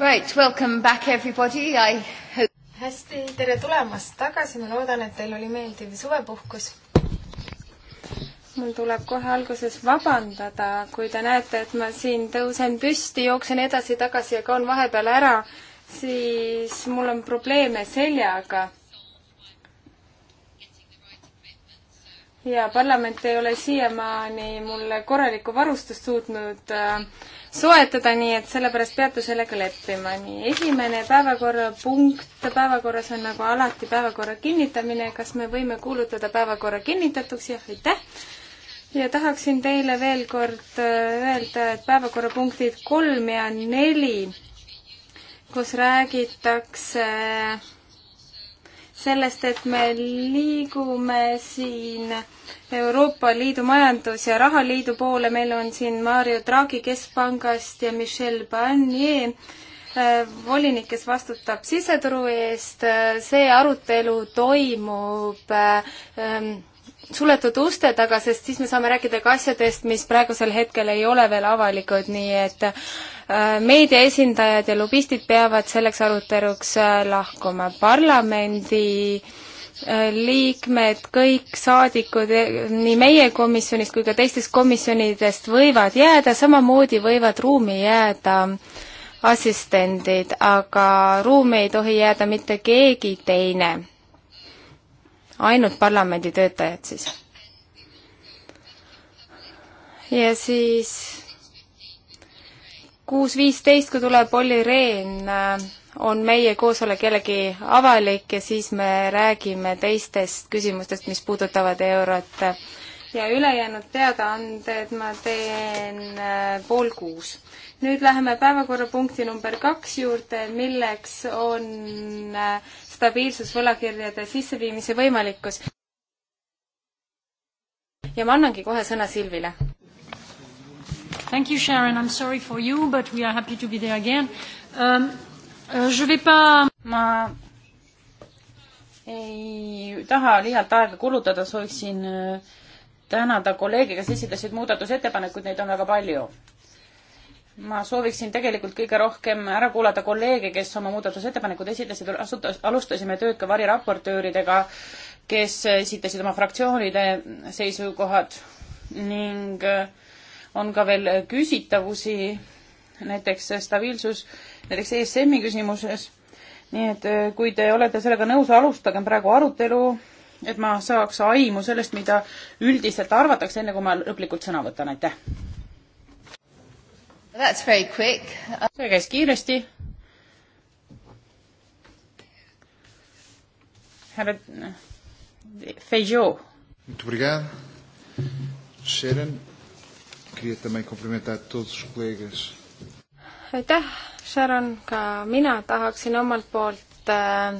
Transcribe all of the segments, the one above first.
Right, welcome back everybody, I hope. hästi, tere tulemast tagasi, ma loodan, et teil oli meeldiv suvepuhkus. mul tuleb kohe alguses vabandada, kui te näete, et ma siin tõusen püsti, jooksen edasi-tagasi ja kaon vahepeal ära, siis mul on probleeme seljaga ja parlament ei ole siiamaani mulle korralikku varustust suutnud äh, soetada, nii et sellepärast peate sellega leppima. nii, esimene päevakorrapunkt päevakorras on nagu alati päevakorra kinnitamine. kas me võime kuulutada päevakorra kinnitatuks? jah, aitäh! ja tahaksin teile veel kord äh, öelda, et päevakorrapunktid kolm ja neli, kus räägitakse äh, sellest, et me liigume siin Euroopa Liidu Majandus- ja Rahaliidu poole, meil on siin Mario Draghi Keskpangast ja Michel Barnier, äh, volinik, kes vastutab siseturu eest, äh, see arutelu toimub äh, ähm, suletud uste taga, sest siis me saame rääkida ka asjadest, mis praegusel hetkel ei ole veel avalikud, nii et äh, meedia esindajad ja lobistid peavad selleks aruteluks äh, lahkuma. parlamendi äh, liikmed, kõik saadikud e, nii meie komisjonist kui ka teistest komisjonidest võivad jääda, samamoodi võivad ruumi jääda assistendid, aga ruumi ei tohi jääda mitte keegi teine ainult parlamendi töötajad siis. ja siis kuus viisteist, kui tuleb Olli Rehn, on meie koosolek jällegi avalik ja siis me räägime teistest küsimustest, mis puudutavad eurot. ja ülejäänud teadaanded ma teen äh, pool kuus. nüüd läheme päevakorrapunkti number kaks juurde, milleks on äh, stabiilsusvõlakirjade sisseviimise võimalikkus. ja ma annangi kohe sõna Silvile. Thank you, Sharon. I'm sorry for you, but we are happy to be there again. Um, uh, je vais pas... Ma ei taha liialt aega kulutada, sooviksin äh, tänada kolleege, kes esitasid muudatusettepanekuid, neid on väga palju ma sooviksin tegelikult kõige rohkem ära kuulata kolleege, kes oma muudatusettepanekud esitasid, alustasime tööd ka variraportööridega, kes esitasid oma fraktsioonide seisukohad ning äh, on ka veel küsitavusi, näiteks stabiilsus, näiteks ESM-i küsimuses. nii et äh, kui te olete sellega nõus, alustagem praegu arutelu, et ma saaks aimu sellest, mida üldiselt arvatakse, enne kui ma lõplikult sõna võtan, aitäh! see käis kiiresti. härra eh, Feijoo. Muito obrigado, Sharon. Queria também cumprimentar todos os colegas. aitäh, Sharon, ka mina tahaksin omalt poolt eh,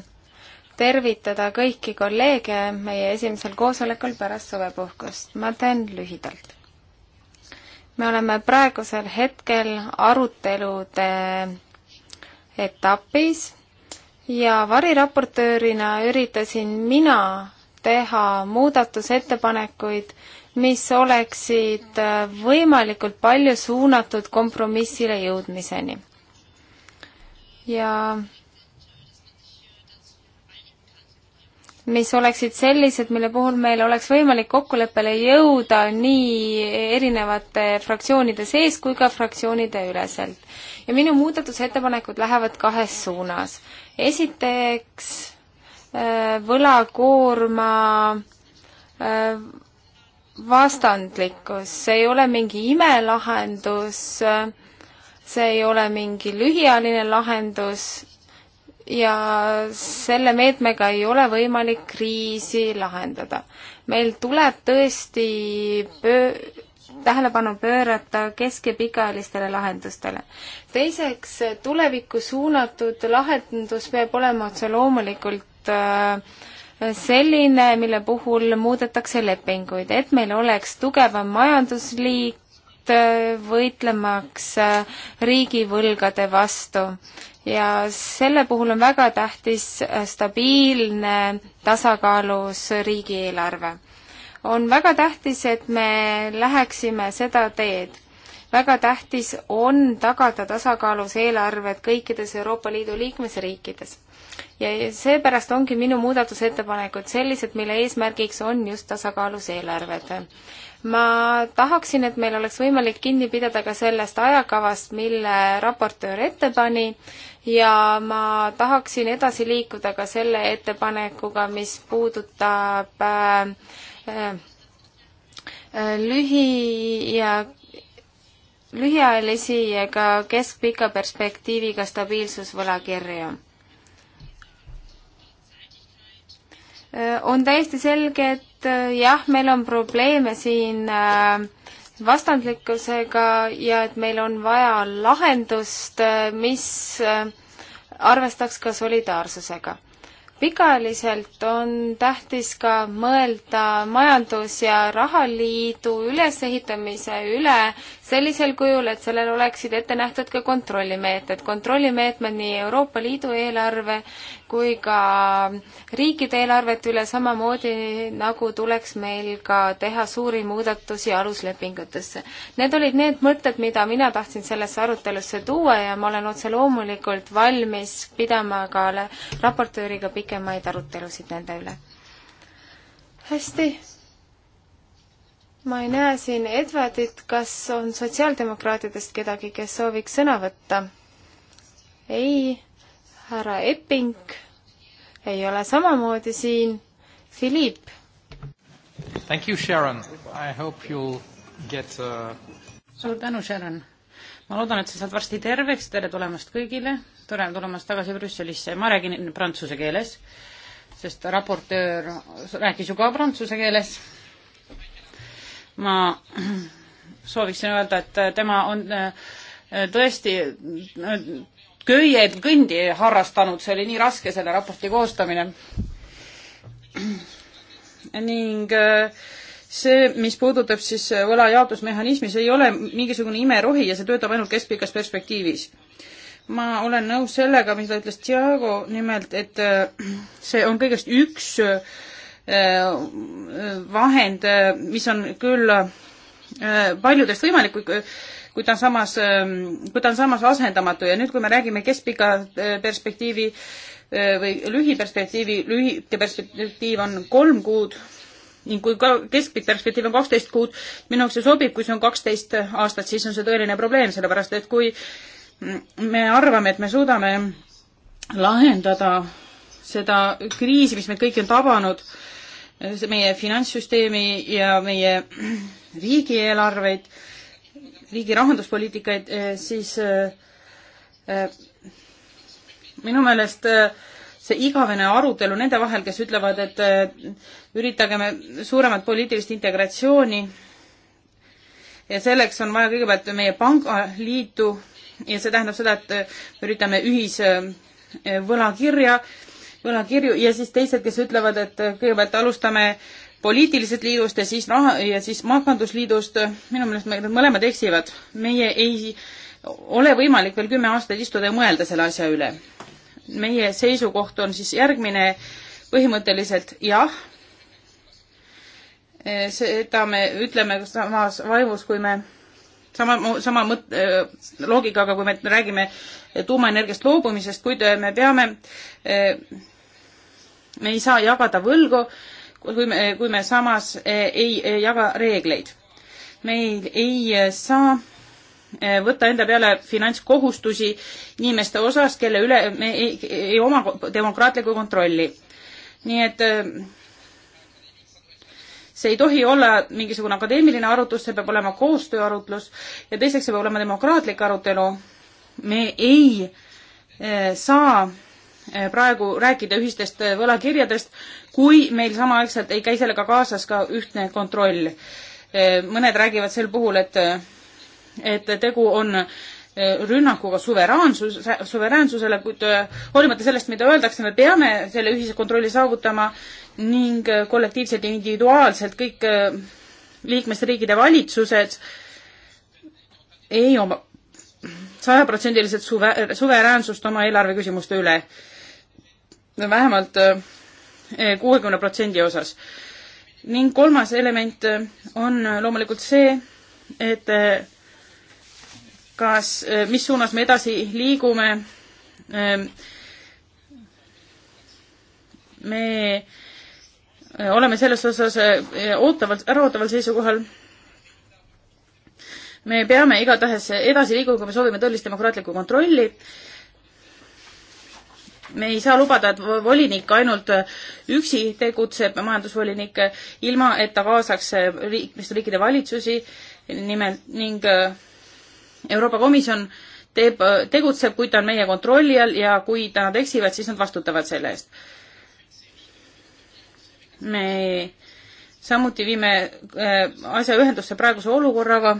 tervitada kõiki kolleege meie esimesel koosolekul pärast suvepuhkust. ma teen lühidalt me oleme praegusel hetkel arutelude etapis ja variraportöörina üritasin mina teha muudatusettepanekuid, mis oleksid võimalikult palju suunatud kompromissile jõudmiseni. ja mis oleksid sellised, mille puhul meil oleks võimalik kokkuleppele jõuda nii erinevate fraktsioonide sees kui ka fraktsioonide üleselt. ja minu muudatusettepanekud lähevad kahes suunas. esiteks äh, võlakoorma äh, vastandlikkus, see ei ole mingi imelahendus, see ei ole mingi lühiajaline lahendus, ja selle meetmega ei ole võimalik kriisi lahendada. meil tuleb tõesti pöö-, tähelepanu pöörata kesk- ja pikaajalistele lahendustele. teiseks, tulevikku suunatud lahendus peab olema otse loomulikult äh, selline, mille puhul muudetakse lepinguid, et meil oleks tugevam majandusliit, äh, võitlemaks äh, riigivõlgade vastu ja selle puhul on väga tähtis äh, stabiilne tasakaalus riigieelarve. on väga tähtis, et me läheksime seda teed. väga tähtis on tagada tasakaalus eelarved kõikides Euroopa Liidu liikmesriikides ja seepärast ongi minu muudatusettepanekud sellised, mille eesmärgiks on just tasakaalus eelarved. ma tahaksin, et meil oleks võimalik kinni pidada ka sellest ajakavast, mille raportöör ette pani ja ma tahaksin edasi liikuda ka selle ettepanekuga, mis puudutab äh, äh, lühi- ja lühiajalisi ja ka keskpika perspektiiviga stabiilsusvõlakirju. on täiesti selge, et äh, jah, meil on probleeme siin äh, vastandlikkusega ja et meil on vaja lahendust, äh, mis arvestaks ka solidaarsusega. pikaajaliselt on tähtis ka mõelda majandus- ja rahaliidu ülesehitamise üle sellisel kujul, et sellel oleksid ette nähtud ka kontrollimeetmed, kontrollimeetmed nii Euroopa Liidu eelarve kui ka riikide eelarvete üle, samamoodi nagu tuleks meil ka teha suuri muudatusi aluslepingutesse. Need olid need mõtted, mida mina tahtsin sellesse arutelusse tuua ja ma olen otse loomulikult valmis pidama ka raportööriga pikemaid arutelusid nende üle. hästi ma ei näe siin Edwardit, kas on sotsiaaldemokraatidest kedagi, kes sooviks sõna võtta? ei, härra Epping ei ole samamoodi siin. Philipp. Thank you, Sharon. I hope you'll get a... Uh, suur tänu, Sharon. ma loodan, et sa saad varsti terveks, tere tulemast kõigile, tore on tulemast tagasi Brüsselisse, ma räägin prantsuse keeles, sest raportöör rääkis ju ka prantsuse keeles ma sooviksin öelda, et tema on äh, tõesti äh, köie, kõndi harrastanud, see oli nii raske, selle raporti koostamine. ning äh, see, mis puudutab siis võla jaotusmehhanismi, see ei ole mingisugune imerohi ja see töötab ainult keskpikas perspektiivis. ma olen nõus sellega, mida ütles Tiago, nimelt et see on kõigest üks äh, vahend, mis on küll äh, paljudest võimalik, kui ta on samas, ähm, kui ta on samas asendamatu ja nüüd, kui me räägime keskpika äh, perspektiivi äh, või lühiperspektiivi, lühike perspektiiv on kolm kuud ning kui ka keskpikk perspektiiv on kaksteist kuud, minu jaoks see sobib, kui see on kaksteist aastat, siis on see tõeline probleem, sellepärast et kui me arvame, et me suudame lahendada seda kriisi, mis meid kõiki on tabanud äh, meie finantssüsteemi ja meie riigieelarveid, riigi rahanduspoliitikaid, eh, siis eh, eh, minu meelest see igavene arutelu nende vahel, kes ütlevad, et üritagem suuremat poliitilist integratsiooni ja selleks on vaja kõigepealt meie pangaliitu ja see tähendab seda, et üritame ühisvõlakirja äh, võlakirju ja siis teised, kes ütlevad, et kõigepealt alustame poliitilisest liidust ja siis raha ja siis maakandusliidust, minu meelest need mõlemad eksivad. meie ei ole võimalik veel kümme aastat istuda ja mõelda selle asja üle. meie seisukoht on siis järgmine, põhimõtteliselt jah, seda me ütleme samas vaimus, kui me sama, sama mõt-, äh, loogikaga, kui me räägime tuumaenergiast loobumisest, kuid äh, me peame, äh, me ei saa jagada võlgu, kui me, kui me samas ei jaga reegleid. meil ei saa võtta enda peale finantskohustusi inimeste osas, kelle üle me ei, ei oma demokraatlikku kontrolli. nii et see ei tohi olla mingisugune akadeemiline arutlus, see peab olema koostööarutlus ja teiseks, see peab olema demokraatlik arutelu. me ei eh, saa eh, praegu rääkida ühistest eh, võlakirjadest, kui meil samaaegselt ei käi sellega kaasas ka ühtne kontroll. mõned räägivad sel puhul, et et tegu on rünnakuga suveräänsus, suveräänsusele, kuid äh, hoolimata sellest, mida öeldakse, me peame selle ühise kontrolli saavutama ning äh, kollektiivselt ja individuaalselt kõik äh, liikmesriigide valitsused ei oma sajaprotsendiliselt suve-, suveräänsust oma eelarveküsimuste üle. vähemalt kuuekümne protsendi osas. ning kolmas element on loomulikult see, et kas, äh, mis suunas me edasi liigume. Ähm, me äh, oleme selles osas äh, ootaval, äraootaval seisukohal. me peame igatahes edasi liiguma, kui me soovime tõelist demokraatlikku kontrolli. me ei saa lubada, et volinik ainult üksi tegutseb, majandusvolinik, ilma et ta kaasaks riik, mis on riikide valitsusi, nimelt ning äh, Euroopa Komisjon teeb, tegutseb, kui ta on meie kontrolli all ja kui nad eksivad, siis nad vastutavad selle eest. me samuti viime äh, asja ühendusse praeguse olukorraga.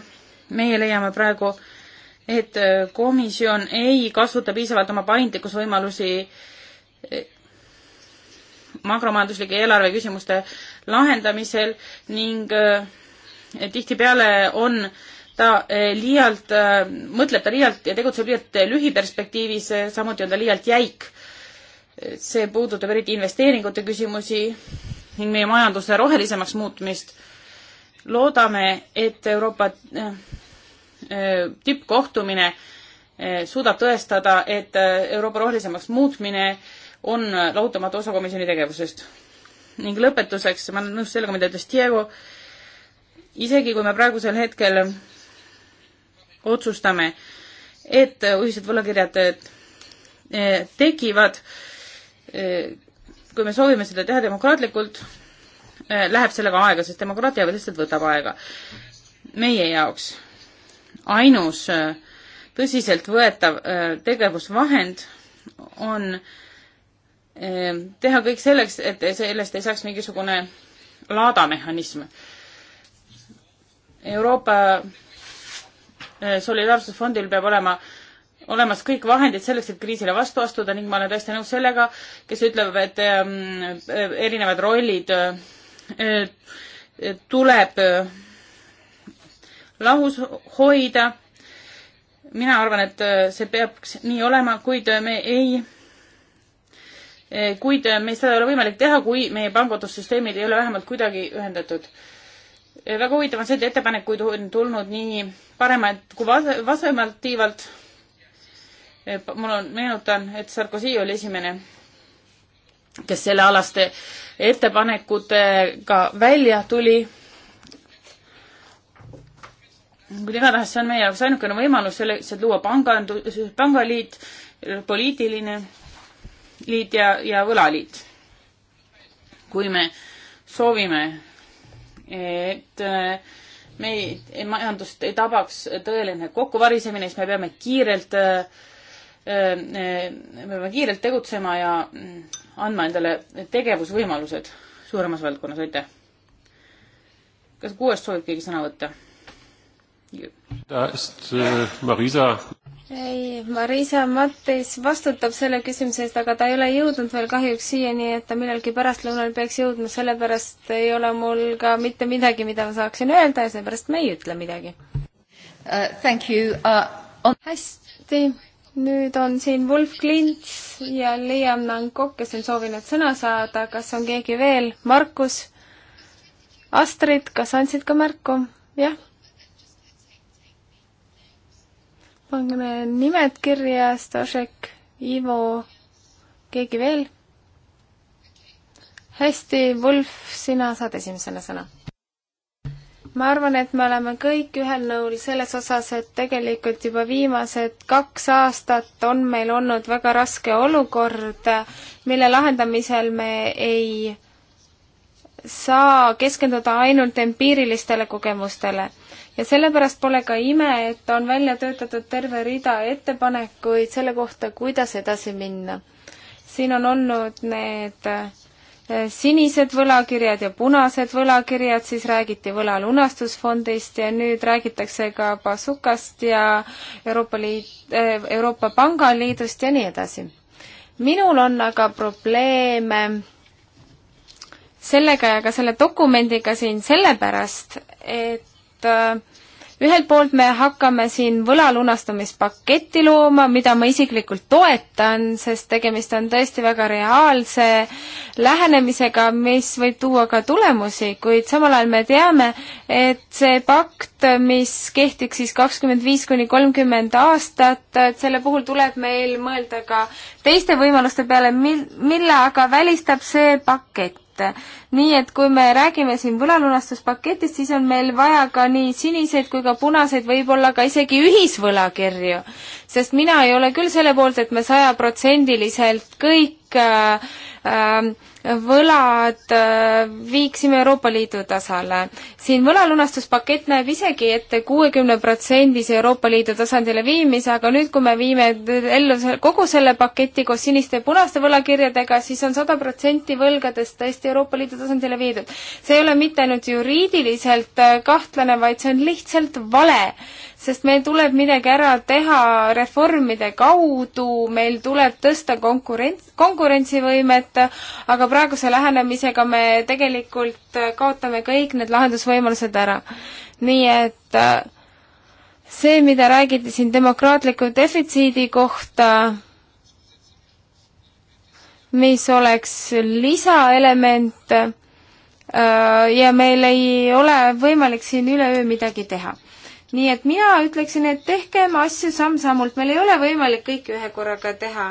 meie leiame praegu, et äh, komisjon ei kasuta piisavalt oma paindlikkusvõimalusi äh, makromajanduslike eelarve küsimuste lahendamisel ning tihtipeale on äh, ta eh, liialt, eh, mõtleb ta liialt ja tegutseb liialt eh, lühiperspektiivis, samuti on ta liialt jäik. see puudutab eriti investeeringute küsimusi ning meie majanduse rohelisemaks muutmist. loodame, et Euroopa tippkohtumine suudab tõestada, et Euroopa rohelisemaks muutmine on lahutamatu osa komisjoni tegevusest. ning lõpetuseks, ma olen nõus sellega, mida ütles Diego, isegi kui me praegusel hetkel otsustame, et ühised võlakirjad eh, tekivad, eh, kui me soovime seda teha demokraatlikult, eh, läheb sellega aega, sest demokraatia lihtsalt võtab aega. meie jaoks ainus tõsiseltvõetav tegevusvahend on teha kõik selleks, et sellest ei saaks mingisugune laadamehhanism. Euroopa Eh, solidaarsusfondil peab olema olemas kõik vahendid selleks, et kriisile vastu astuda ning ma olen täiesti nõus sellega, kes ütleb, et ehm, eh, erinevad rollid eh, tuleb lahus hoida. mina arvan, et see peaks nii olema, kuid me ei kuid me seda ei ole võimalik teha, kui meie pangandussüsteemid ei ole vähemalt kuidagi ühendatud väga huvitav on see, et ettepanekuid on tulnud nii paremalt kui vas-, vasemalt tiivalt. E, mul on, meenutan, et Sarkozy oli esimene, kes sellealaste ettepanekutega välja tuli. kuid igatahes see on meie jaoks ainukene võimalus selleks, et luua pangandus, pangaliit, poliitiline liit ja, ja võlaliit. kui me soovime et äh, meid, majandust ei tabaks tõeline kokkuvarisemine, siis me peame kiirelt, äh, äh, me peame kiirelt tegutsema ja mm, andma endale tegevusvõimalused suuremas valdkonnas, aitäh! kas kuuest soovib keegi sõna võtta? Äh, Marisa. ei, Marisa Mattis vastutab selle küsimuse eest, aga ta ei ole jõudnud veel kahjuks siia, nii et ta millalgi pärastlõunal peaks jõudma, sellepärast ei ole mul ka mitte midagi, mida ma saaksin öelda ja seepärast ma ei ütle midagi uh,. Thank you uh,. On... hästi, nüüd on siin Wolf Klints ja Liam Nankok, kes on soovinud sõna saada, kas on keegi veel? Markus? Astrid, kas andsid ka märku? jah pange nimed kirja, Stašek, Ivo, keegi veel? hästi, Wolf, sina saad esimesena sõna. ma arvan, et me oleme kõik ühel nõul selles osas, et tegelikult juba viimased kaks aastat on meil olnud väga raske olukord, mille lahendamisel me ei saa keskenduda ainult empiirilistele kogemustele ja sellepärast pole ka ime, et on välja töötatud terve rida ettepanekuid selle kohta, kuidas edasi minna. siin on olnud need eh, sinised võlakirjad ja punased võlakirjad, siis räägiti võlalunastusfondist ja nüüd räägitakse ka Bazukast ja Euroopa Liit, eh, Euroopa Pangaliidust ja nii edasi. minul on aga probleeme sellega ja ka selle dokumendiga siin sellepärast, et Äh, ühelt poolt me hakkame siin võlalunastamispaketti looma, mida ma isiklikult toetan, sest tegemist on tõesti väga reaalse lähenemisega, mis võib tuua ka tulemusi, kuid samal ajal me teame, et see pakt, mis kehtiks siis kakskümmend viis kuni kolmkümmend aastat, et selle puhul tuleb meil mõelda ka teiste võimaluste peale, mil-, mille aga välistab see pakett kätte. nii et kui me räägime siin võlalunastuspaketist, siis on meil vaja ka nii siniseid kui ka punaseid, võib-olla ka isegi ühisvõlakirju sest mina ei ole küll selle poolt, et me sajaprotsendiliselt kõik äh, äh, võlad äh, viiksime Euroopa Liidu tasale. siin võlalunastuspakett näeb isegi ette kuuekümne protsendise Euroopa Liidu tasandile viimise, aga nüüd, kui me viime ellu kogu selle paketi koos siniste ja punaste võlakirjadega, siis on sada protsenti võlgadest tõesti Euroopa Liidu tasandile viidud. see ei ole mitte ainult juriidiliselt äh, kahtlane, vaid see on lihtsalt vale sest meil tuleb midagi ära teha reformide kaudu, meil tuleb tõsta konkurents, konkurentsivõimet, aga praeguse lähenemisega me tegelikult kaotame kõik need lahendusvõimalused ära. nii et äh, see, mida räägiti siin demokraatliku defitsiidi kohta, mis oleks lisaelement äh, ja meil ei ole võimalik siin üleöö midagi teha nii et mina ütleksin, et tehkem asju samm-sammult, meil ei ole võimalik kõike ühe korraga teha.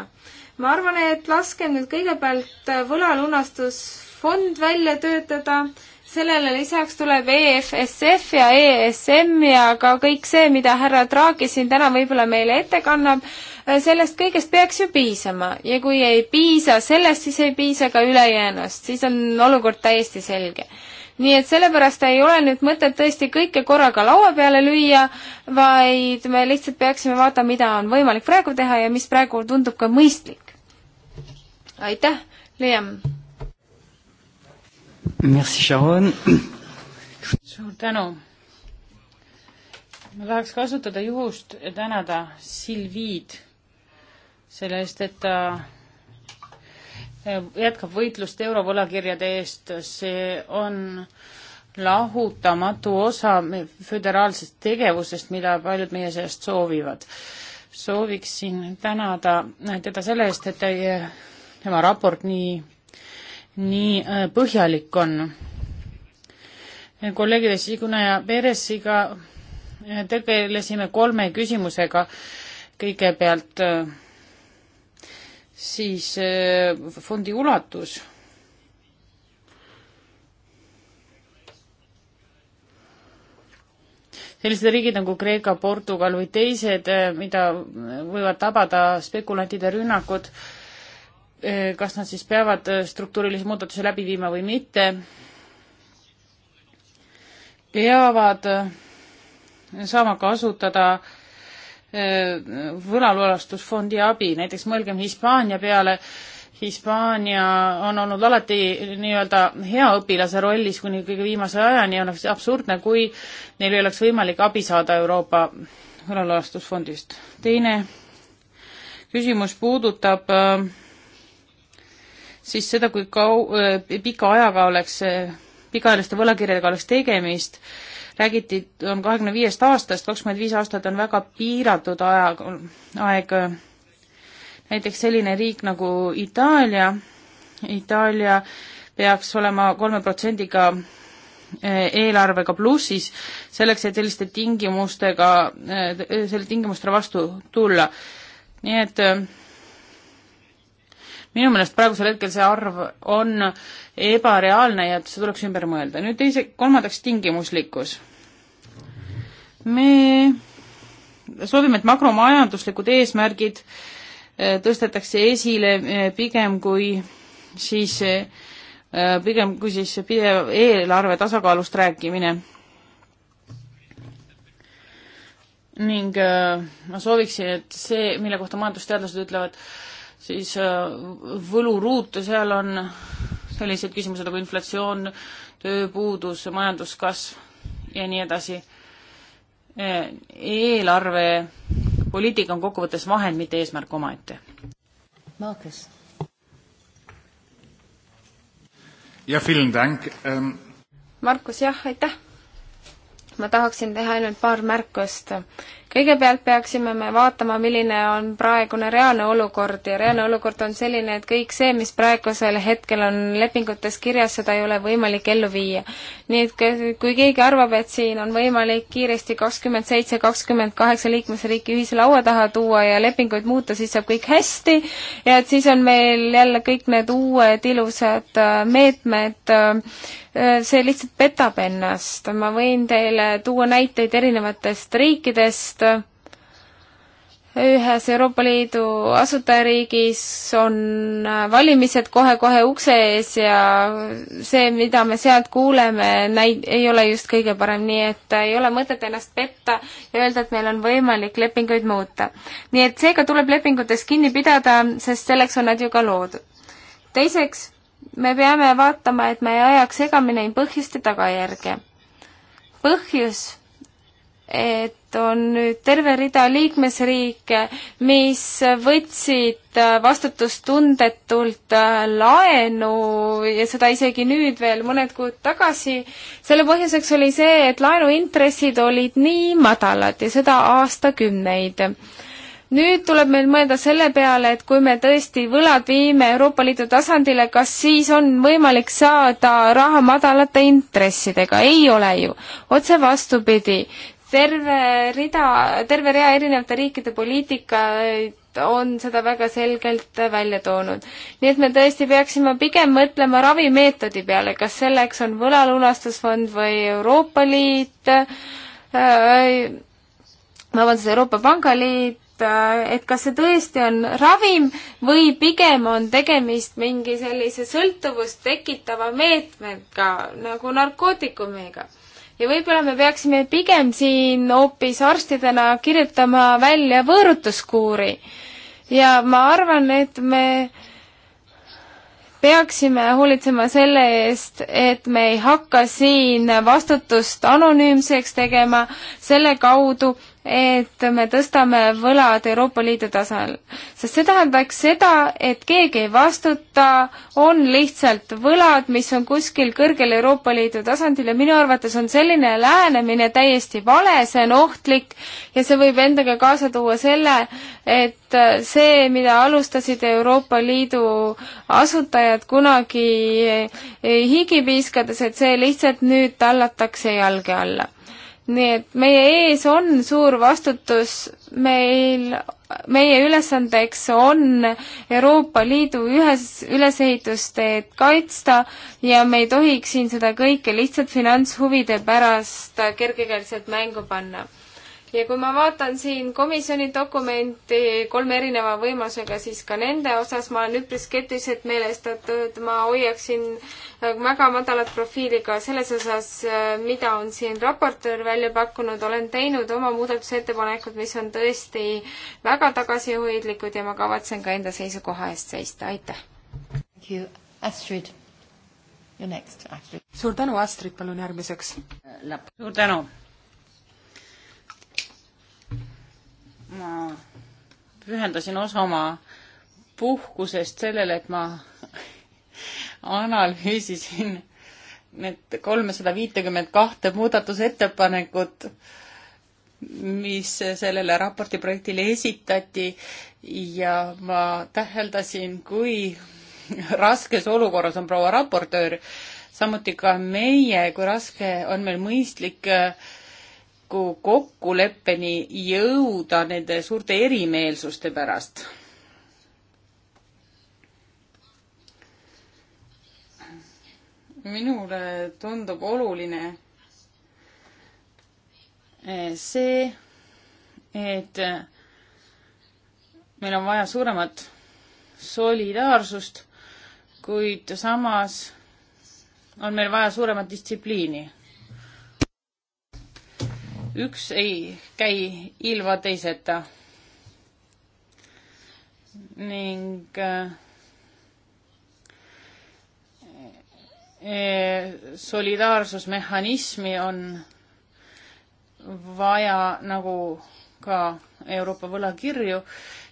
ma arvan, et laskem nüüd kõigepealt võlalunastusfond välja töötada, sellele lisaks tuleb EFSF ja ESM ja ka kõik see, mida härra Draghi siin täna võib-olla meile ette kannab, sellest kõigest peaks ju piisama ja kui ei piisa sellest, siis ei piisa ka ülejäänust, siis on olukord täiesti selge nii et sellepärast ei ole nüüd mõtet tõesti kõike korraga laua peale lüüa, vaid me lihtsalt peaksime vaatama, mida on võimalik praegu teha ja mis praegu tundub ka mõistlik. aitäh, Liam! Merci, Sharon! suur tänu! ma tahaks kasutada juhust ja tänada Silviid selle eest, et ta jätkab võitlust eurovõlakirjade eest, see on lahutamatu osa föderaalsest tegevusest, mida paljud meie seast soovivad. sooviksin tänada teda selle eest, et teie, tema raport nii, nii äh, põhjalik on. kolleegide Siguna ja Peresiga äh, tegelesime kolme küsimusega. kõigepealt äh, siis äh, fondi ulatus sellised riigid nagu Kreeka, Portugal või teised, äh, mida võivad tabada spekulantide rünnakud, äh, kas nad siis peavad struktuurilisi muudatusi läbi viima või mitte, peavad saama kasutada ka võlaluelastusfondi abi, näiteks mõelgem Hispaania peale, Hispaania on olnud alati nii-öelda hea õpilase rollis kuni kõige viimase ajani, oleks absurdne, kui neil ei oleks võimalik abi saada Euroopa võlaluelastusfondist. teine küsimus puudutab äh, siis seda, kui kau-, äh, pika ajaga oleks, äh, pikaajaliste võlakirjadega oleks tegemist räägiti, on kahekümne viiest aastast, kakskümmend viis aastat on väga piiratud aja, aeg näiteks selline riik nagu Itaalia, Itaalia peaks olema kolme protsendiga eh, eelarvega plussis, selleks, et selliste tingimustega, eh, selle tingimustele vastu tulla. nii et eh, minu meelest praegusel hetkel see arv on ebareaalne ja see tuleks ümber mõelda. nüüd teise, kolmandaks tingimuslikkus. me soovime, et makromajanduslikud eesmärgid eh, tõstetakse esile eh, pigem kui siis, eh, pigem kui siis pidev eelarve tasakaalust rääkimine ning äh, ma sooviksin, et see, mille kohta majandusteadlased ütlevad, siis äh, võluruute, seal on sellised küsimused nagu inflatsioon, tööpuudus, majanduskasv ja nii edasi. Äh, eelarvepoliitika on kokkuvõttes vahend, mitte eesmärk omaette. Markus. ja, vielen dank ähm.... Markus, jah, aitäh. ma tahaksin teha ainult paar märkust kõigepealt peaksime me vaatama, milline on praegune reaalne olukord ja reaalne olukord on selline, et kõik see, mis praegusel hetkel on lepingutes kirjas, seda ei ole võimalik ellu viia. nii et kui keegi arvab, et siin on võimalik kiiresti kakskümmend seitse, kakskümmend kaheksa liikmesriiki ühise laua taha tuua ja lepinguid muuta, siis saab kõik hästi ja et siis on meil jälle kõik need uued ilusad äh, meetmed äh, äh, see lihtsalt petab ennast. ma võin teile tuua näiteid erinevatest riikidest, ühes Euroopa Liidu asutajariigis on valimised kohe-kohe ukse ees ja see, mida me sealt kuuleme, näid-, ei ole just kõige parem, nii et ei ole mõtet ennast petta ja öelda, et meil on võimalik lepinguid muuta. nii et seega tuleb lepingutest kinni pidada, sest selleks on nad ju ka loodud. teiseks, me peame vaatama, et me ei ajaks segamini põhjuste tagajärge. põhjus, et on nüüd terve rida liikmesriike, mis võtsid äh, vastutustundetult äh, laenu ja seda isegi nüüd veel mõned kuud tagasi. selle põhjuseks oli see, et laenuintressid olid nii madalad ja seda aastakümneid nüüd tuleb meil mõelda selle peale, et kui me tõesti võlad viime Euroopa Liidu tasandile, kas siis on võimalik saada raha madalate intressidega, ei ole ju. otse vastupidi, terve rida, terve rea erinevate riikide poliitikaid on seda väga selgelt välja toonud. nii et me tõesti peaksime pigem mõtlema ravimeetodi peale, kas selleks on võlalunastusfond või Euroopa Liit äh,, vabandust, Euroopa Pangaliit, äh, et kas see tõesti on ravim või pigem on tegemist mingi sellise sõltuvust tekitava meetmega nagu narkootikumiga ja võib-olla me peaksime pigem siin hoopis arstidena kirjutama välja võõrutuskuuri. ja ma arvan, et me peaksime hoolitsema selle eest, et me ei hakka siin vastutust anonüümseks tegema selle kaudu, et me tõstame võlad Euroopa Liidu tasandil. sest see tähendaks seda, et keegi ei vastuta, on lihtsalt võlad, mis on kuskil kõrgel Euroopa Liidu tasandil ja minu arvates on selline lähenemine täiesti vale, see on ohtlik ja see võib endaga kaasa tuua selle, et see, mida alustasid Euroopa Liidu asutajad kunagi higi piiskades, et see lihtsalt nüüd tallatakse jalge alla nii et meie ees on suur vastutus, meil, meie ülesandeks on Euroopa Liidu ühes, ülesehitusteed kaitsta ja me ei tohiks siin seda kõike lihtsalt finantshuvide pärast kergekäeliselt mängu panna ja kui ma vaatan siin komisjoni dokumenti kolme erineva võimalusega, siis ka nende osas ma olen üpris skeptiliselt meelestatud, ma hoiaksin äh, väga madalat profiili ka selles osas, äh, mida on siin raportöör välja pakkunud, olen teinud oma muudatusettepanekud, mis on tõesti väga tagasihoidlikud ja ma kavatsen ka enda seisukoha eest seista, aitäh! Astrid. You're next, Astrid. suur tänu, Astrid, palun järgmiseks. suur tänu ma pühendasin osa oma puhkusest sellele, et ma analüüsisin need kolmesada viitekümmet kahte muudatusettepanekut, mis sellele raporti projektile esitati ja ma täheldasin, kui raskes olukorras on proua raportöör, samuti ka meie, kui raske on meil mõistlik äh, paraku kokkuleppeni jõuda nende suurte erimeelsuste pärast. minule tundub oluline eh, see, et meil on vaja suuremat solidaarsust, kuid samas on meil vaja suuremat distsipliini üks ei käi ilma teiseta. ning äh, äh, solidaarsusmehhanismi on vaja nagu ka Euroopa võlakirju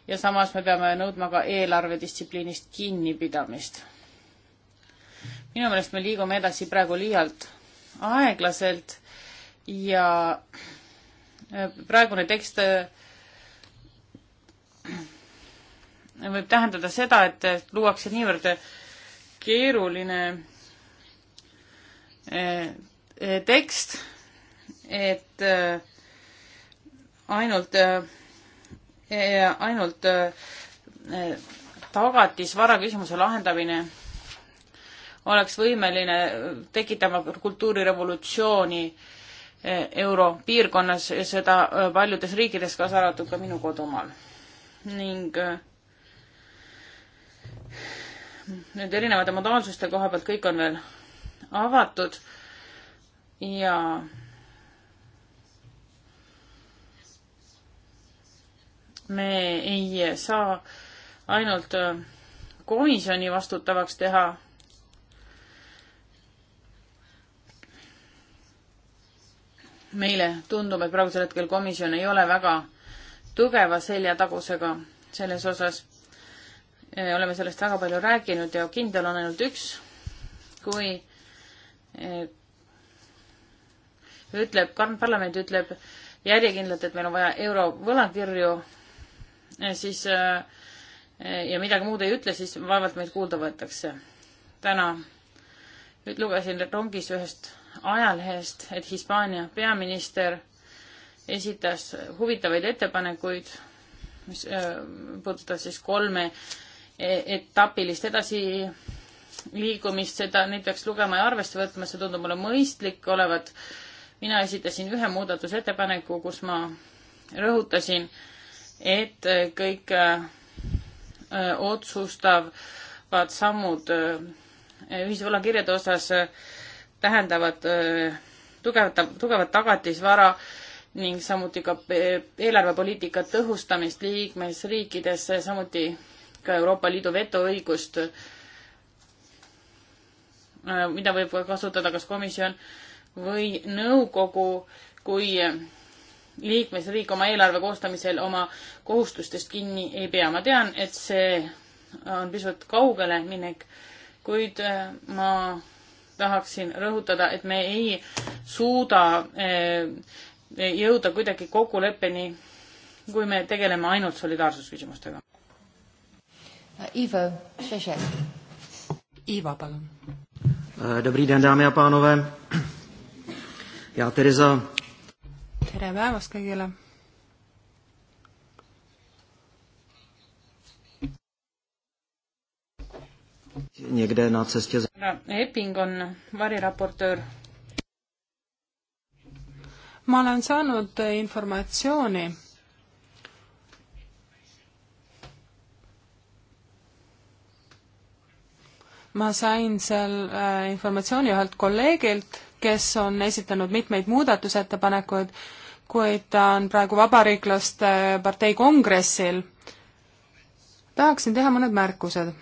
ja samas me peame nõudma ka eelarvedistsipliinist kinnipidamist. minu meelest me liigume edasi praegu liialt aeglaselt ja praegune tekst äh, võib tähendada seda, et luuakse niivõrd keeruline äh, tekst, et äh, ainult, ainult tagatisvara küsimuse lahendamine oleks võimeline tekitama kultuurirevolutsiooni äh, europiirkonnas ja seda äh, paljudes riikides, kaasa arvatud ka minu kodumaal. ning äh, nüüd erinevate modaalsuste koha pealt kõik on veel avatud ja me ei saa ainult äh, komisjoni vastutavaks teha meile tundub, et praegusel hetkel komisjon ei ole väga tugeva seljatagusega selles osas. Eh, oleme sellest väga palju rääkinud ja kindel on ainult üks, kui eh, ütleb, parlament ütleb järjekindlalt, et meil on vaja eurovõlakirju, eh, siis ja midagi muud ei ütle, siis vaevalt meid kuulda võetakse. täna nüüd lugesin rongis ühest ajalehest, et Hispaania peaminister esitas huvitavaid ettepanekuid, mis äh, puudutas siis kolme e-, etapilist edasiliikumist, seda, neid peaks lugema ja arvesse võtma, see tundub mulle mõistlik olevat. mina esitasin ühe muudatusettepaneku, kus ma rõhutasin, et kõik äh, otsustavad sammud äh, ühisvõlakirjade osas tähendavad tugevat, tugevat tagatisvara ning samuti ka eelarvepoliitika tõhustamist liikmesriikides, samuti ka Euroopa Liidu vetoõigust, mida võib kasutada kas komisjon või nõukogu, kui liikmesriik oma eelarve koostamisel oma kohustustest kinni ei pea. ma tean, et see on pisut kaugele minek, kuid ma tahaksin rõhutada, et me ei suuda eh, jõuda kuidagi kokkuleppeni, kui me tegeleme ainult solidaarsusküsimustega. Ivo Šešek. Ivo, palun. Eh, dobrý den, dámy a pánové. Já tedy za... tere päevast kõigile härra Epping on variraportöör. ma olen saanud informatsiooni ma sain seal äh, informatsiooni ühelt kolleegilt, kes on esitanud mitmeid muudatusettepanekuid, kuid ta on praegu Vabariiklaste partei kongressil. tahaksin teha mõned märkused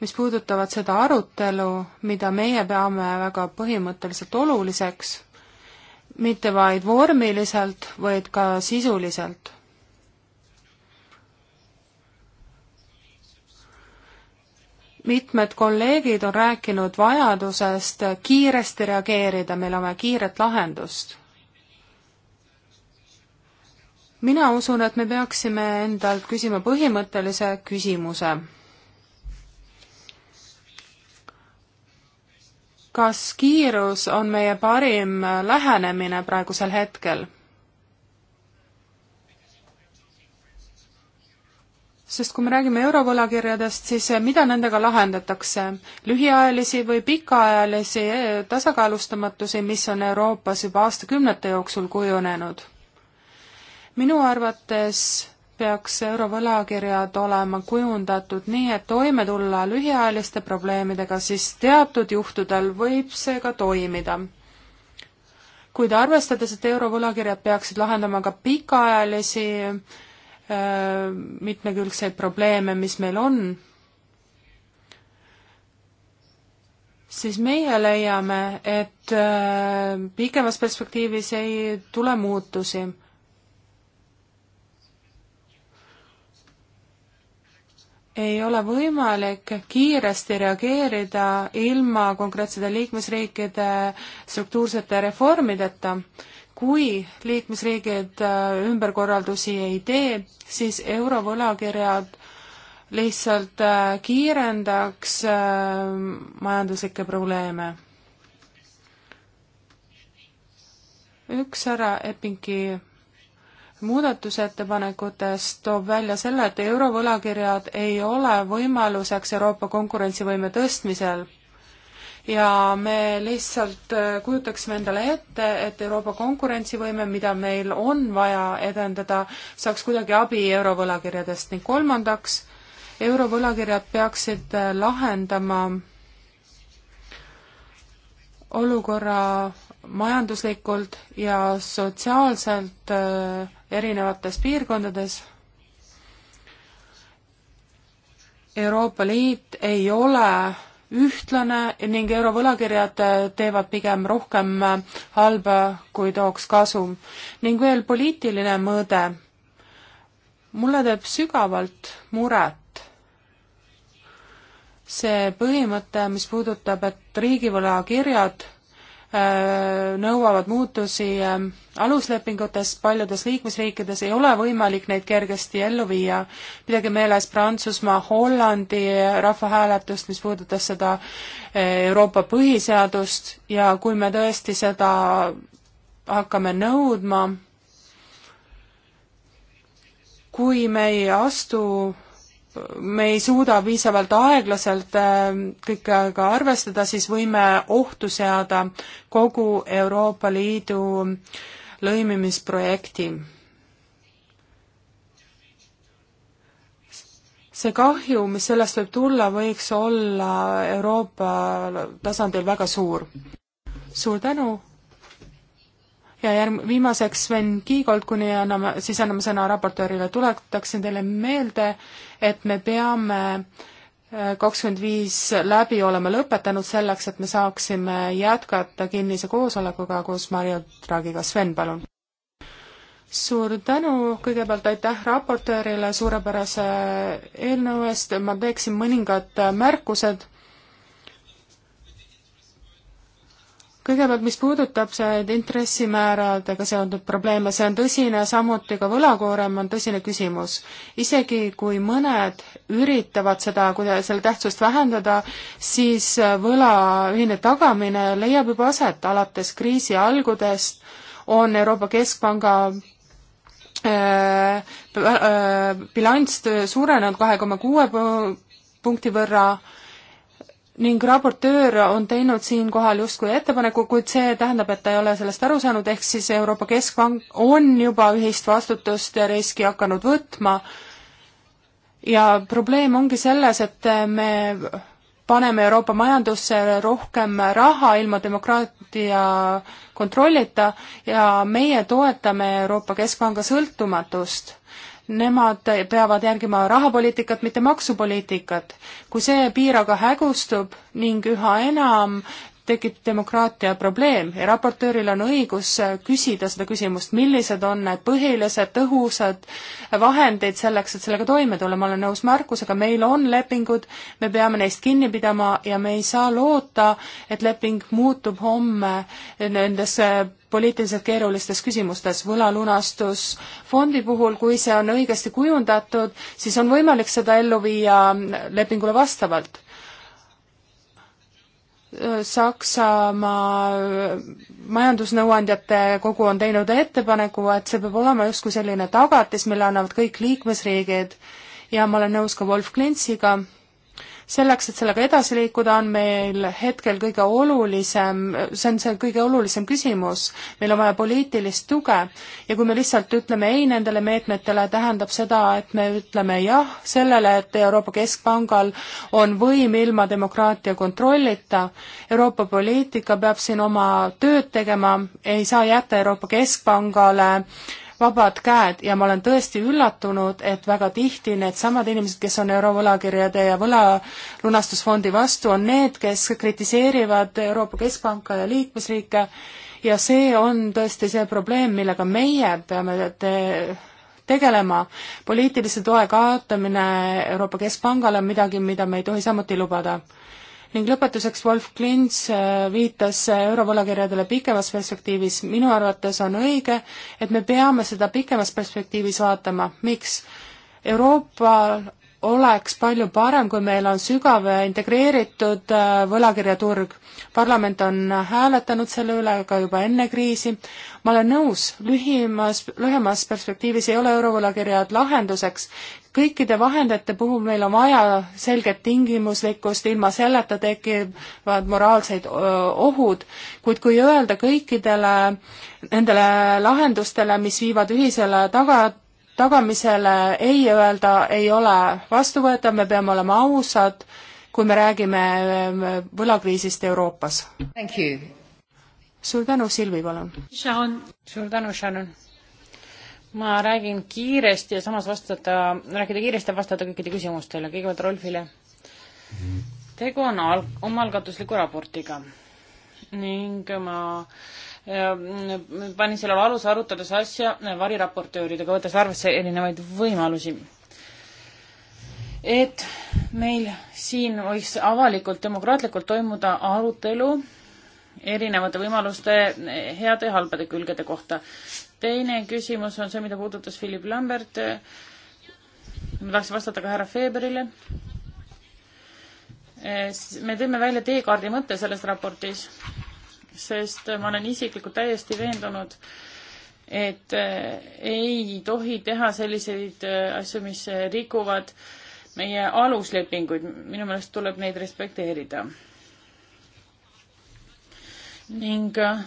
mis puudutavad seda arutelu, mida meie peame väga põhimõtteliselt oluliseks, mitte vaid vormiliselt, vaid ka sisuliselt. mitmed kolleegid on rääkinud vajadusest kiiresti reageerida, meil on vaja kiiret lahendust mina usun, et me peaksime endalt küsima põhimõttelise küsimuse. kas kiirus on meie parim lähenemine praegusel hetkel? sest kui me räägime eurovõlakirjadest, siis mida nendega lahendatakse? lühiajalisi või pikaajalisi eh, tasakaalustamatusi, mis on Euroopas juba aastakümnete jooksul kujunenud? minu arvates peaks eurovõlakirjad olema kujundatud nii, et toime tulla lühiajaliste probleemidega, siis teatud juhtudel võib see ka toimida. kuid arvestades, et eurovõlakirjad peaksid lahendama ka pikaajalisi äh, mitmekülgseid probleeme, mis meil on, siis meie leiame, et äh, pikemas perspektiivis ei tule muutusi ei ole võimalik kiiresti reageerida ilma konkreetsete liikmesriikide struktuursete reformideta. kui liikmesriigid äh, ümberkorraldusi ei tee, siis eurovõlakirjad lihtsalt äh, kiirendaks äh, majanduslikke probleeme. üks härra Eppinki muudatusettepanekutest toob välja selle, et eurovõlakirjad ei ole võimaluseks Euroopa konkurentsivõime tõstmisel. ja me lihtsalt äh, kujutaksime endale ette, et Euroopa konkurentsivõime, mida meil on vaja edendada, saaks kuidagi abi eurovõlakirjadest ning kolmandaks, eurovõlakirjad peaksid äh, lahendama olukorra majanduslikult ja sotsiaalselt äh, erinevates piirkondades. Euroopa Liit ei ole ühtlane ning eurovõlakirjad teevad pigem rohkem halba, kui tooks kasu. ning veel poliitiline mõõde. mulle teeb sügavalt muret see põhimõte, mis puudutab, et riigivõlakirjad Äh, nõuavad muutusi ähm, aluslepingutes paljudes liikmesriikides, ei ole võimalik neid kergesti ellu viia. pidage meeles Prantsusmaa, Hollandi rahvahääletust, mis puudutas seda äh, Euroopa põhiseadust ja kui me tõesti seda hakkame nõudma, kui me ei astu me ei suuda piisavalt aeglaselt äh, kõike aga arvestada, siis võime ohtu seada kogu Euroopa Liidu lõimimisprojekti. see kahju, mis sellest võib tulla, võiks olla Euroopa tasandil väga suur. suur tänu! ja järg-, viimaseks Sven Kiigolt, kuni anname, siis anname sõna raportöörile, tuletaksin teile meelde, et me peame äh, kakskümmend viis läbi olema lõpetanud selleks, et me saaksime jätkata kinnise koosolekuga koos Mario Draghiga. Sven, palun! suur tänu, kõigepealt aitäh raportöörile suurepärase äh, eelnõu eest, ma teeksin mõningad äh, märkused kõigepealt, mis puudutab see intressimääradega seonduv probleeme, see on tõsine, samuti ka võlakoorem on tõsine küsimus. isegi kui mõned üritavad seda, kuidas selle tähtsust vähendada, siis võlaühine tagamine leiab juba aset alates kriisi algudest, on Euroopa Keskpanga äh, äh bilanss suurenenud kahe koma kuue punkti võrra ning raportöör on teinud siinkohal justkui ettepaneku, kuid see tähendab, et ta ei ole sellest aru saanud, ehk siis Euroopa Keskpank on juba ühist vastutust ja riski hakanud võtma ja probleem ongi selles, et me paneme Euroopa majandusse rohkem raha ilma demokraatia kontrollita ja meie toetame Euroopa Keskpanga sõltumatust nemad peavad järgima rahapoliitikat, mitte maksupoliitikat. kui see piir aga hägustub ning üha enam tekib demokraatia probleem ja raportööril on õigus äh, küsida seda küsimust, millised on need põhilised tõhusad vahendid selleks, et sellega toime tulla, ma olen nõus Markusega, meil on lepingud, me peame neist kinni pidama ja me ei saa loota, et leping muutub homme nendes äh, poliitiliselt keerulistes küsimustes, võlalunastus fondi puhul, kui see on õigesti kujundatud, siis on võimalik seda ellu viia lepingule vastavalt Saksamaa majandusnõuandjate kogu on teinud ettepaneku, et see peab olema justkui selline tagatis, mille annavad kõik liikmesriigid ja ma olen nõus ka Wolf Klintsiga, selleks, et sellega edasi liikuda, on meil hetkel kõige olulisem, see on see kõige olulisem küsimus, meil on vaja poliitilist tuge ja kui me lihtsalt ütleme ei nendele meetmetele, tähendab seda, et me ütleme jah sellele, et Euroopa Keskpangal on võim ilma demokraatia kontrollita, Euroopa poliitika peab siin oma tööd tegema, ei saa jätta Euroopa Keskpangale äh, vabad käed ja ma olen tõesti üllatunud, et väga tihti needsamad inimesed, kes on eurovõlakirjade ja võlalunastusfondi vastu, on need, kes kritiseerivad Euroopa Keskpanka ja liikmesriike ja see on tõesti see probleem, millega meie peame te tegelema. poliitilise toe kaotamine Euroopa Keskpangale on midagi, mida me ei tohi samuti lubada ning lõpetuseks Wolf Klints äh, viitas äh, eurovõlakirjadele pikemas perspektiivis. minu arvates on õige, et me peame seda pikemas perspektiivis vaatama. miks? Euroopal oleks palju parem, kui meil on sügav ja integreeritud äh, võlakirjaturg. parlament on hääletanud selle üle ka juba enne kriisi. ma olen nõus, lühimas, lühemas perspektiivis ei ole eurovõlakirjad lahenduseks. kõikide vahendite puhul meil on vaja selget tingimuslikkust, ilma selleta tekivad moraalseid ohud, kuid kui öelda kõikidele nendele lahendustele, mis viivad ühisele taga, tagamisele ei öelda ei ole vastuvõetav, me peame olema ausad, kui me räägime ähm, võlakriisist Euroopas. suur tänu, Silvi, palun. suur tänu, Shannon. ma räägin kiiresti ja samas vastata, rääkida kiiresti ja vastata kõikide küsimustele, kõigepealt Rolfile. tegu on al-, omaalgatusliku raportiga ning ma Ehm, panin sellele aluse arutades asja eh, variraportööridega, võttes arvesse erinevaid võimalusi. et meil siin võiks avalikult, demokraatlikult toimuda arutelu erinevate võimaluste eh, heade ja halbade külgede kohta. teine küsimus on see, mida puudutas Philip Lambert. ma tahaks vastata ka härra Feberile. Eh, me tõime välja teekaardi mõtte selles raportis sest ma olen isiklikult täiesti veendunud, et eh, ei tohi teha selliseid eh, asju, mis rikuvad meie aluslepinguid, minu meelest tuleb neid respekteerida. ning eh,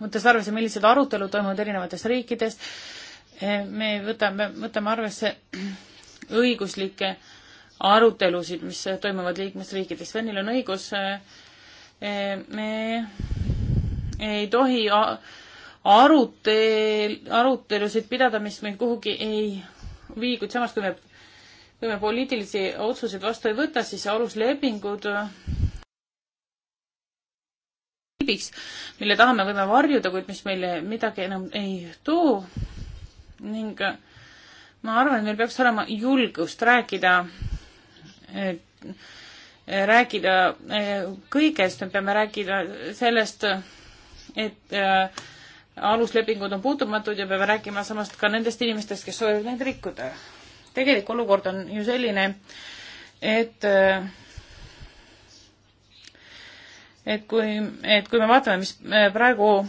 võttes arvesse, millised arutelud toimuvad erinevates riikides, me võtame, võtame arvesse õiguslikke arutelusid, mis toimuvad liikmesriikides. Svenil on õigus, me ei tohi arutel, arutelusid pidada, mis meid kuhugi ei vii, kuid samas, kui me, kui me poliitilisi otsuseid vastu ei võta, siis aluslepingud tiibiks, mille taha me võime varjuda, kuid mis meile midagi enam ei too ning ma arvan, et meil peaks olema julgust rääkida rääkida eh, kõigest, me peame rääkida sellest, et äh, aluslepingud on puutumatud ja peame rääkima samast ka nendest inimestest, kes soovivad neid rikkuda. tegelik olukord on ju selline, et äh, et kui, et kui me vaatame, mis äh, praegu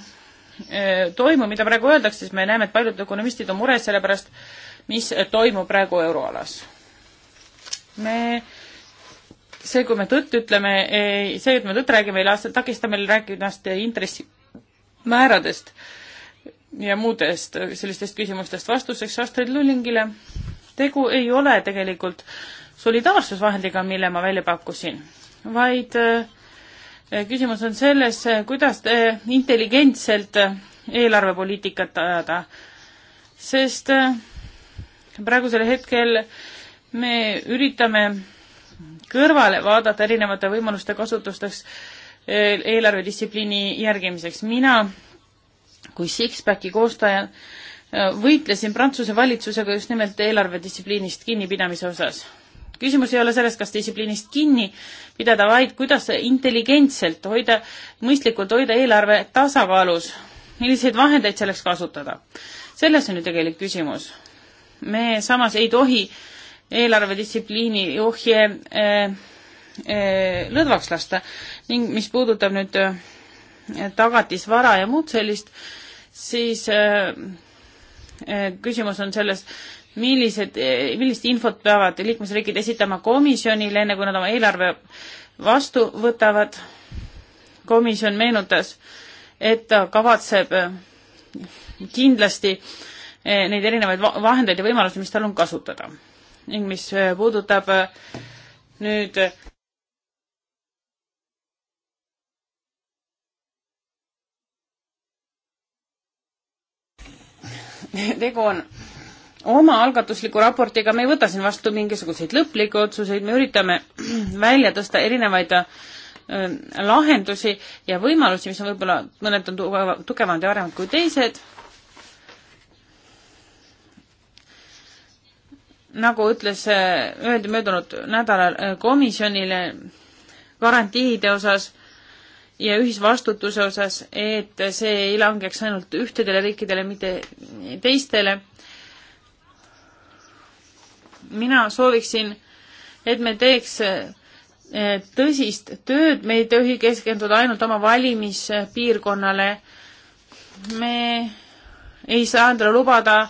toimub, mida praegu öeldakse, siis me näeme, et paljud ökonomistid on mures selle pärast, mis toimub praegu euroalas. me, see, kui me tõtt ütleme, see, et me tõtt räägime, ei lasta, takista meil rääkida ennast intressi määradest ja muudest sellistest küsimustest. vastuseks Astrid Lullingile, tegu ei ole tegelikult solidaarsusvahendiga, mille ma välja pakkusin, vaid äh, küsimus on selles, kuidas äh, intelligentselt äh, eelarvepoliitikat ajada, sest praegusel hetkel me üritame kõrvale vaadata erinevate võimaluste kasutusteks Äh, eelarvedistsipliini järgimiseks. mina kui Sixpacki koostaja äh, võitlesin Prantsuse valitsusega just nimelt eelarvedistsipliinist kinnipidamise osas. küsimus ei ole selles, kas distsipliinist kinni pidada, vaid kuidas intelligentselt hoida, mõistlikult hoida eelarve tasakaalus, milliseid vahendeid selleks kasutada. selles on ju tegelik küsimus. me samas ei tohi eelarvedistsipliini ohje eh, Eh, lõdvaks lasta ning mis puudutab nüüd eh, tagatisvara ja muud sellist, siis eh, küsimus on selles, millised, millist infot peavad liikmesriigid esitama komisjonile, enne kui nad oma eelarve vastu võtavad. komisjon meenutas, et ta kavatseb kindlasti neid erinevaid vahendeid ja võimalusi, mis tal on kasutada. ning mis puudutab nüüd tegu on omaalgatusliku raportiga, me ei võta siin vastu mingisuguseid lõplikke otsuseid, me üritame välja tõsta erinevaid lahendusi ja võimalusi, mis on võib-olla, mõned on tugevamad ja aremad kui teised. nagu ütles, öeldi möödunud nädalal komisjonile garantiide osas ja ühisvastutuse osas, et see ei langeks ainult ühtedele riikidele, mitte teistele. mina sooviksin, et me teeks eh, tõsist tööd, me ei tohi keskenduda ainult oma valimispiirkonnale. me ei saa endale lubada,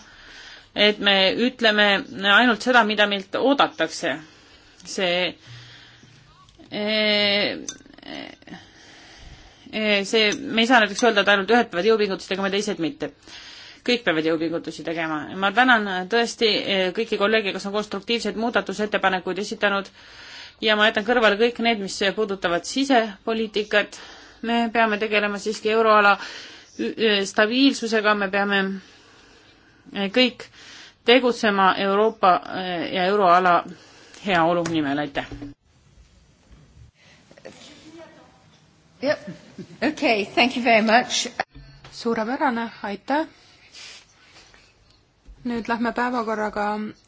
et me ütleme ainult seda, mida meilt oodatakse. see e, e, Eh, see, me ei saa näiteks öelda, et ainult ühed peavad jõupingutusi tegema, teised mitte. kõik peavad jõupingutusi tegema. ma tänan eh, tõesti eh, kõiki kolleege, kes on konstruktiivseid muudatusettepanekuid esitanud ja ma jätan kõrvale kõik need, mis puudutavad sisepoliitikat. me peame tegelema siiski euroala stabiilsusega, me peame kõik tegutsema Euroopa ja euroala heaolu nimel, aitäh! jah, okei okay,, thank you very much. suurepärane, aitäh. nüüd lähme päevakorraga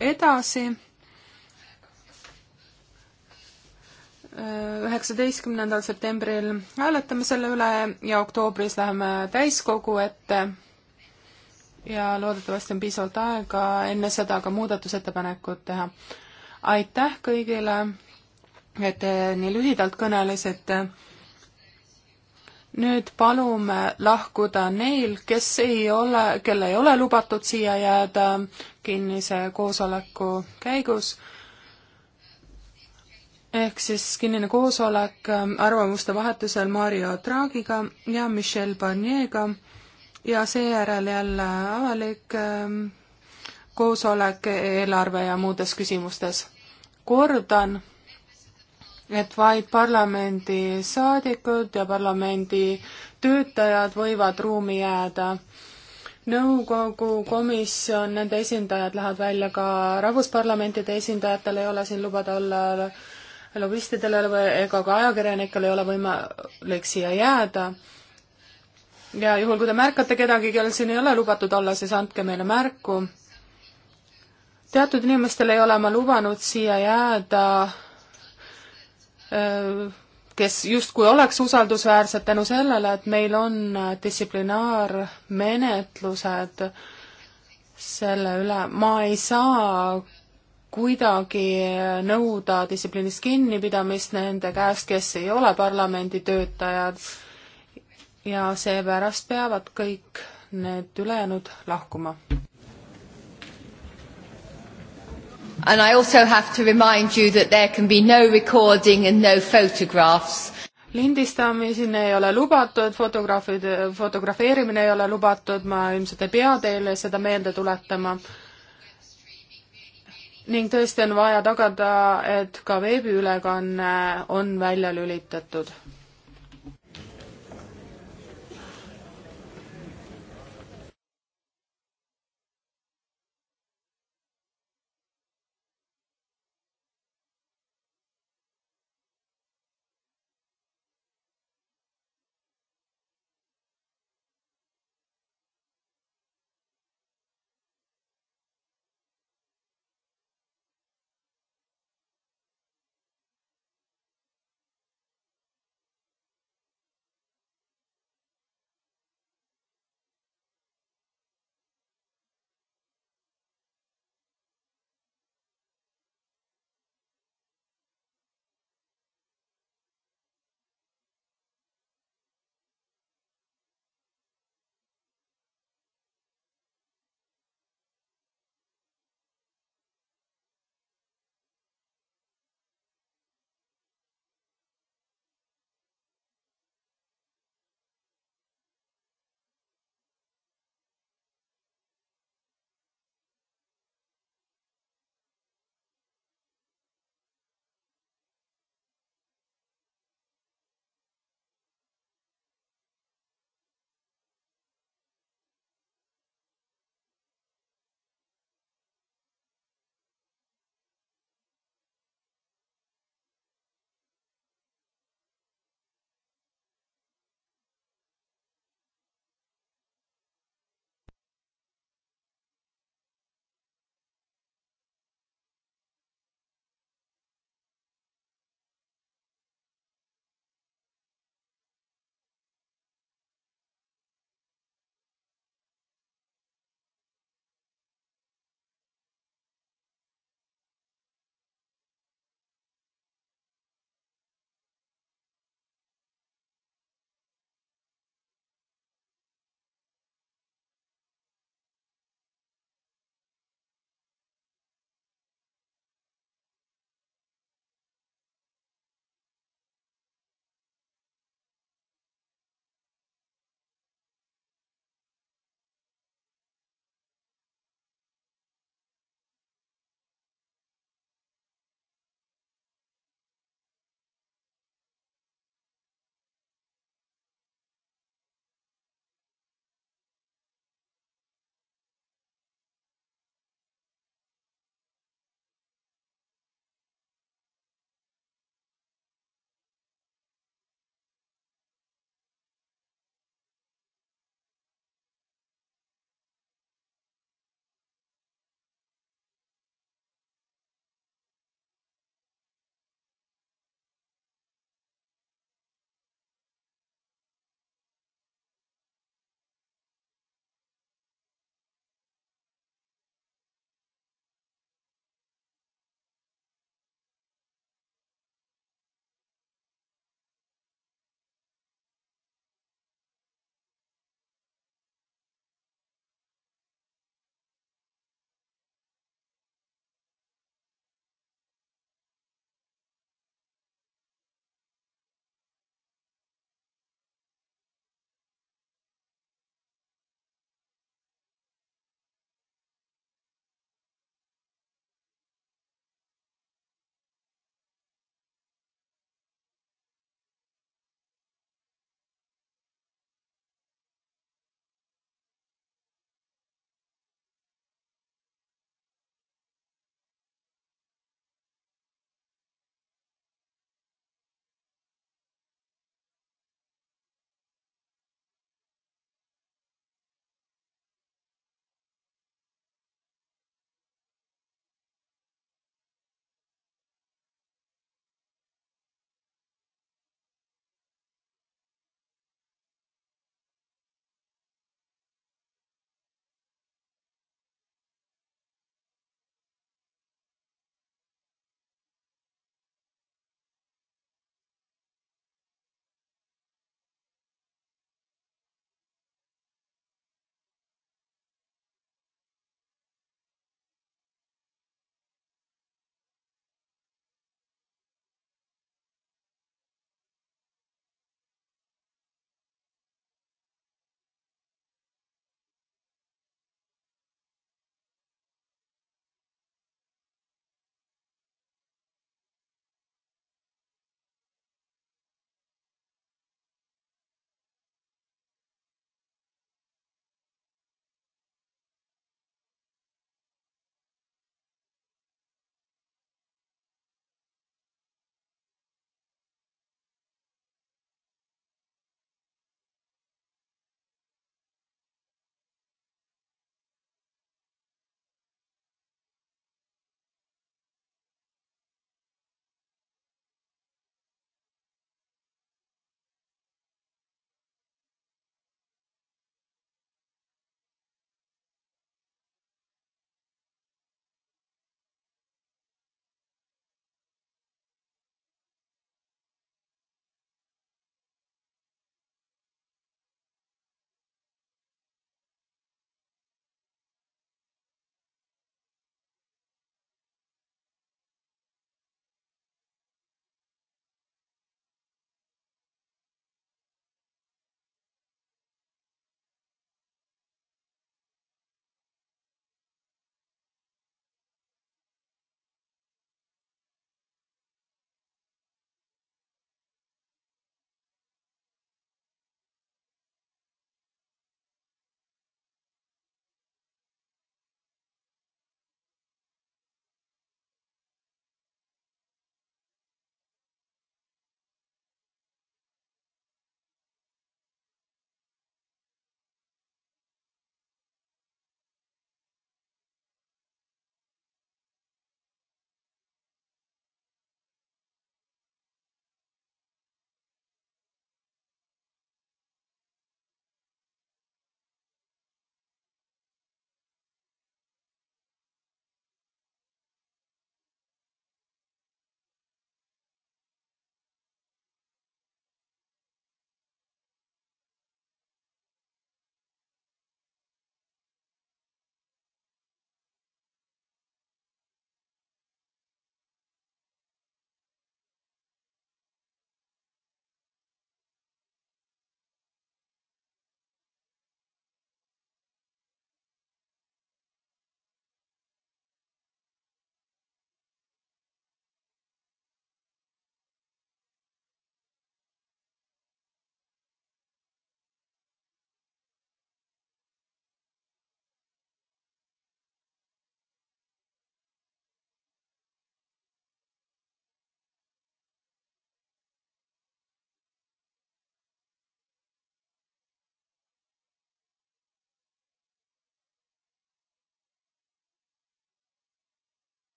edasi. Äh, üheksateistkümnendal septembril hääletame selle üle ja oktoobris läheme täiskogu ette ja loodetavasti on piisavalt aega enne seda ka muudatusettepanekud teha. aitäh kõigile, et te nii lühidalt kõnelesite nüüd palume lahkuda neil, kes ei ole, kel ei ole lubatud siia jääda kinnise koosoleku käigus. ehk siis kinnine koosolek arvamuste vahetusel Mario Draghiga ja Michel Barnier'ga ja seejärel jälle avalik ähm, koosolek eelarve ja muudes küsimustes. kordan et vaid parlamendi saadikud ja parlamendi töötajad võivad ruumi jääda. nõukogu komisjon, nende esindajad lähevad välja ka rahvusparlamentide esindajatel ei ole siin lubada olla lobistidele või ega ka ajakirjanikel ei ole võimalik siia jääda. ja juhul, kui te märkate kedagi, kellel siin ei ole lubatud olla, siis andke meile märku. teatud inimestel ei ole ma lubanud siia jääda Äh, kes justkui oleks usaldusväärsed tänu sellele, et meil on äh, distsiplinaarmenetlused selle üle, ma ei saa kuidagi äh, nõuda distsiplinist kinnipidamist nende käest, kes ei ole parlamendi töötajad ja seepärast peavad kõik need ülejäänud lahkuma. And I also have to remind you that there can be no recording and no photographs. lindistamiseni ei ole lubatud, fotograafid, fotografeerimine ei ole lubatud, ma ilmselt ei pea teile seda meelde tuletama. ning tõesti on vaja tagada, et ka veebiülekanne on välja lülitatud